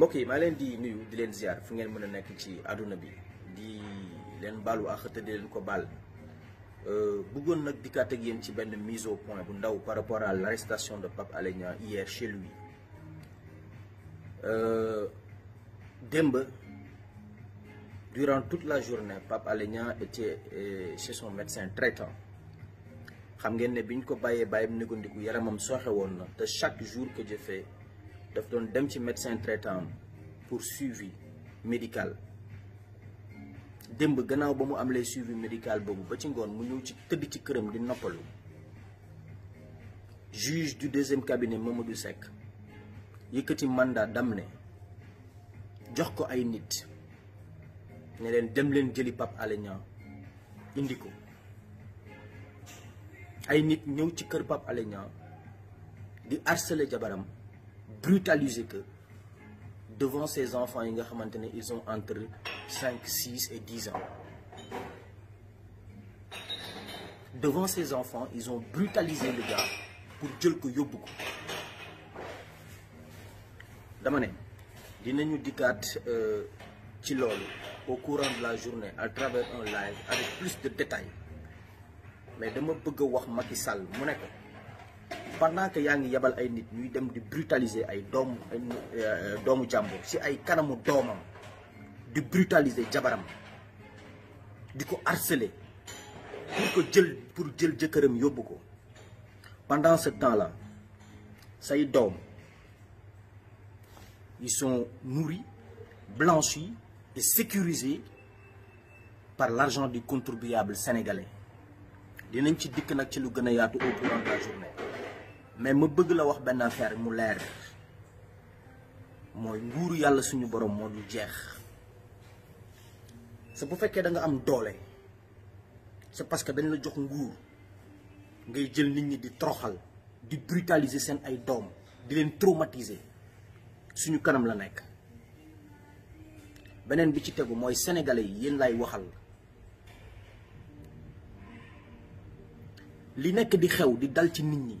Ok, je di nuyu ziar di di euh, au point par à l'arrestation de Pape Alé hier chez lui euh, durant toute la journée Pape Alé était euh, chez son médecin traitant xam ngeen ne biñ ko bàyyee bàyyam négandiku yaramam te chaque jour que je fais daf doon dem ci médecin traitant pour suivi médical demb gannaaw ba mu am les suivi médical bobu ba ci ngone mu ñëw ci teud ci kërëm di noppalu juge du deuxième cabinet Mamadou Seck yëkëti mandat damné jox ko ay nit ne leen dem leen jëli pap Alé indi ko ay nit ñëw ci kër pap Alé di harceler jabaram brutaliser que devant ses enfants ils ont entre 5, 6 et 10 ans devant ses enfants ils ont brutalisé le gars pour dire que beaucoup... ko dama dinañu euh, au courant de la journée à travers un live avec plus de détails mais je bëgg wax Macky Sall pendant que yangi yabal ay nit ñuy dem di brutaliser ay doomu euh, domu jàmbur si ay kanamu domam di brutaliser jabaram diko harceler pour ko jël pour jël jëkërëm yóbbu pendant ce temps là say dom ils sont nourris blanchis et sécurisés par l'argent du contribuable sénégalais dinañ ci dik nak ci lu gëna yaatu au cours de la journée mais ma bëgg la wax ben affaire mu lèr moy nguru yalla suñu borom mo du jeex sa bu fekkee da nga am doole c'est parce que ben la jox nguru ngay jël nit ñi di troxal di brutaliser sen ay dom di len traumatiser suñu kanam la nek benen bi ci tegu moy sénégalais yi lay waxal li nek di xew di dal ci nit ñi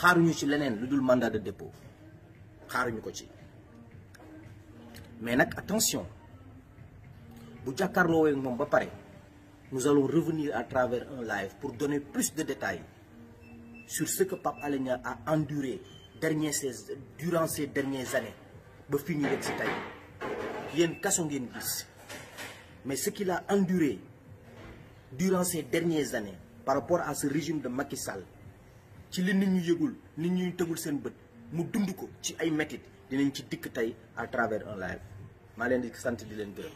xaaruñu ci leneen lu mandat de dépôt xaaruñu ko ci mais nak attention bu jàkkaarloowee mom ba paré nous allons revenir à travers un live pour donner plus de détails sur ce que Pape Alenia a enduré dernier durant ces dernières années ba fi ñu yegg si tey yéen kaso mais ce qu'il a enduré durant ces dernières années par rapport à ce régime de Macky Sall ci li nit ñu yëgul nit ñuy tegul seen bët mu dund ko ci ay métit dinañ ci dikk tey à travers un live maa leen di sant di leen gërëm